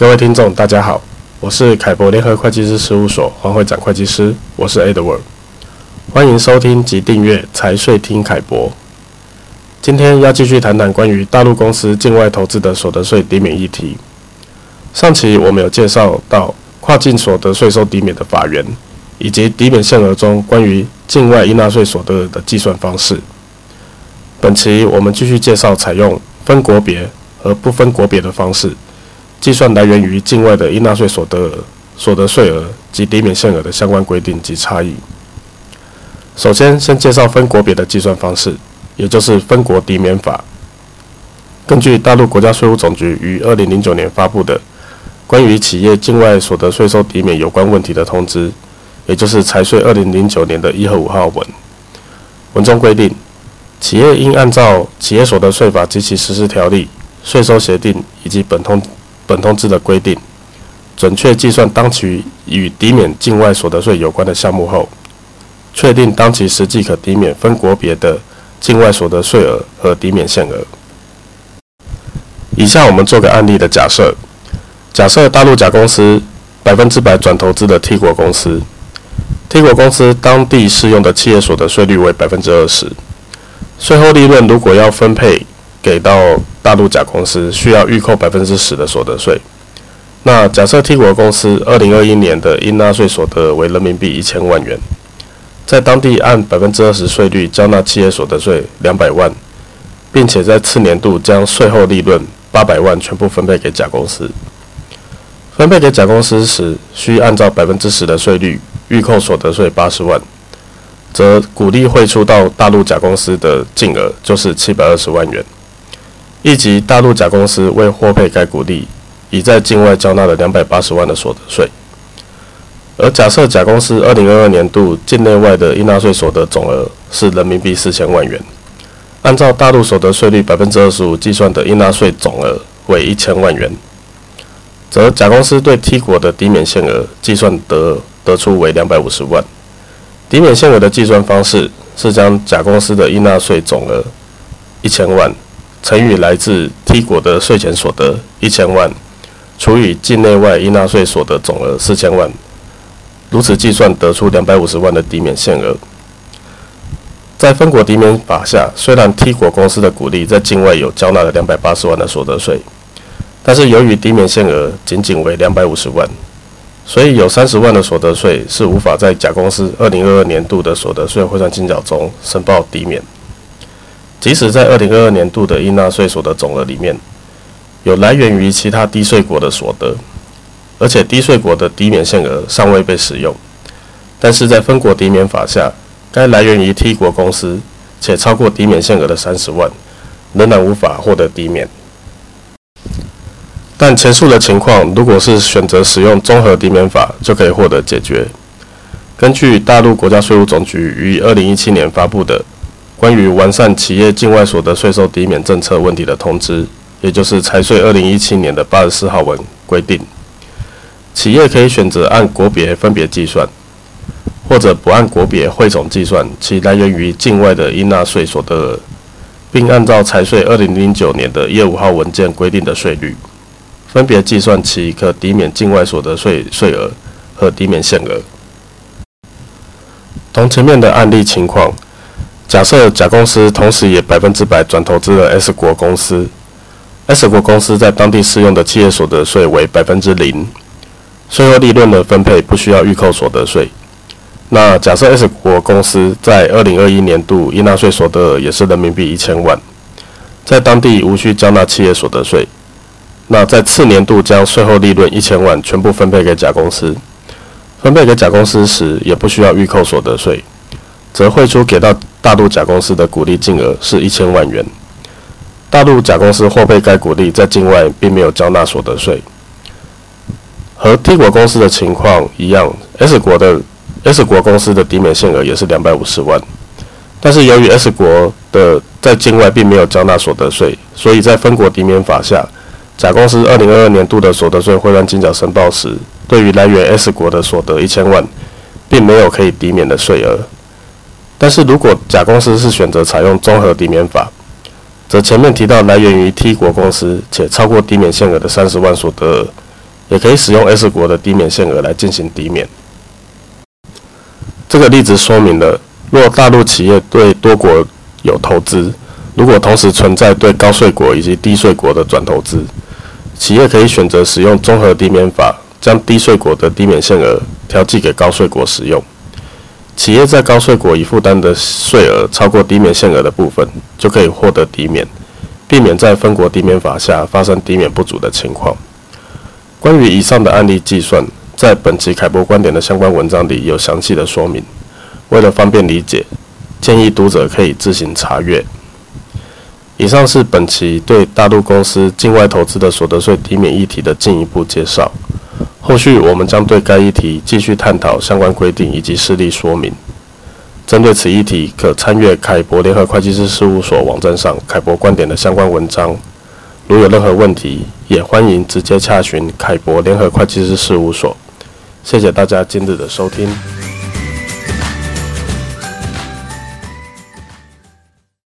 各位聽眾，大家好，我是凱博聯合會計師事務所黃會長會計師，我是 Edward，歡迎收聽及訂閱財稅聽凱博。今天要繼續談談關於大陸公司境外投資的所得稅抵免議題。上期我們有介紹到跨境所得稅稅收抵免的法源，以及抵免限額中關於境外應納稅所得額的計算方式。本期我們繼續介紹採用分國別和不分國別的方式。計算來源於境外的應納稅所得額、所得稅額及抵免限額的相關規定及差異。首先，先介紹分國別的計算方式，也就是分國抵免法。根據大陸國家稅務總局於二零零九年發布的《關於企業境外所得稅收抵免有關問題的通知》，也就是財稅二零零九年的一和五號文，文中規定，企業應按照《企業所得稅法》及其實施條例、稅收協定以及本通。本通知的規定，準確計算當期與抵免境外所得稅有關的項目後，確定當期實際可抵免分國別的境外所得稅額和抵免限額。以下我們做個案例的假設：假設大陸甲公司百分之百轉投資的 T 國公司，T 國公司當地適用的企業所得稅率為百分之二十，稅後利潤如果要分配給到，大陸甲公司需要預扣百分之十的所得稅。那假設 T 國公司二零二一年的應納稅所得為人民幣一千萬元，在當地按百分之二十稅率繳納企業所得稅兩百萬，並且在次年度將稅後利潤八百萬全部分配給甲公司。分配給甲公司時，需按照百分之十的稅率預扣所得稅八十萬，則鼓勵匯出到大陸甲公司的淨額就是七百二十萬元。亦即大陸甲公司為獲配該股利，已在境外交納了兩百八十萬的所得稅。而假設甲公司二零二二年度境內外的應納稅所得總額是人民幣四千萬元，按照大陸所得稅率百分之二十五計算的應納稅總額為一千萬元，則甲公司對 T 國的抵免限額計算得得出為兩百五十萬。抵免限額的計算方式是將甲公司的應納稅總額一千萬。乘以來自 T 國的稅前所得一千萬，除以境內外應納稅所得總額四千萬，如此計算得出兩百五十萬的抵免限額。在分國抵免法下，雖然 T 國公司的股利在境外有繳納了兩百八十萬的所得稅，但是由於抵免限額僅僅為兩百五十萬，所以有三十萬的所得稅是無法在甲公司二零二二年度的所得稅匯算清繳中申報抵免。即使在2022年度的應納稅所得總額裡面，有來源於其他低稅國的所得，而且低稅國的抵免限額尚未被使用，但是在分國抵免法下，該來源於 T 國公司且超過抵免限額的三十萬，仍然無法獲得抵免。但前述的情況，如果是選擇使用綜合抵免法，就可以獲得解決。根據大陸國家稅務總局於2017年發布的。關於完善企業境外所得稅收抵免政策問題的通知，也就是財稅二零一七年的八十四號文規定，企業可以選擇按國別分別計算，或者不按國別匯總計算其來源於境外的應納稅所得額，並按照財稅二零零九年的一二五號文件規定的稅率，分別計算其可抵免境外所得稅稅額和抵免限額。同前面的案例情況。假設甲公司同時也百分之百轉投資了 S 國公司，S 國公司在當地適用的企業所得稅為百分之零，稅後利潤的分配不需要預扣所得稅。那假設 S 國公司在二零二一年度應納稅所得額也是人民幣一千萬，在當地無需繳納企業所得稅。那在次年度將稅後利潤一千萬全部分配給甲公司，分配給甲公司時也不需要預扣所得稅。則匯出給到大陸甲公司的股利金額是一千萬元，大陸甲公司獲配該股利在境外並沒有繳納所得稅。和 T 國公司的情況一樣，S 國的 S 國公司的抵免限額也是兩百五十萬，但是由於 S 國的在境外並沒有繳納所得稅，所以在分國抵免法下，甲公司二零二二年度的所得稅匯算清繳申報時，對於來源 S 國的所得一千萬，並沒有可以抵免的稅額。但是如果甲公司是選擇採用綜合抵免法，則前面提到來源於 T 國公司且超過抵免限額的三十萬所得額，也可以使用 S 國的抵免限額來進行抵免。這個例子說明了，若大陸企業對多國有投資，如果同時存在對高稅國以及低稅國的轉投資，企業可以選擇使用綜合抵免法，將低稅國的抵免限額調劑給高稅國使用。企業在高稅國已負擔的稅額超過抵免限額的部分，就可以獲得抵免，避免在分國抵免法下發生抵免不足的情況。關於以上的案例計算，在本期凱博觀點的相關文章裡有詳細的說明。為了方便理解，建議讀者可以自行查閱。以上是本期對大陸公司境外投資的所得稅抵免議題的進一步介紹。後續我們將對該議題繼續探討相關規定以及事例說明。針對此議題，可參閱凱博聯合會計師事務所網站上凱博觀點的相關文章。如有任何問題，也歡迎直接洽詢凱博聯合會計師事務所。謝謝大家今日的收聽。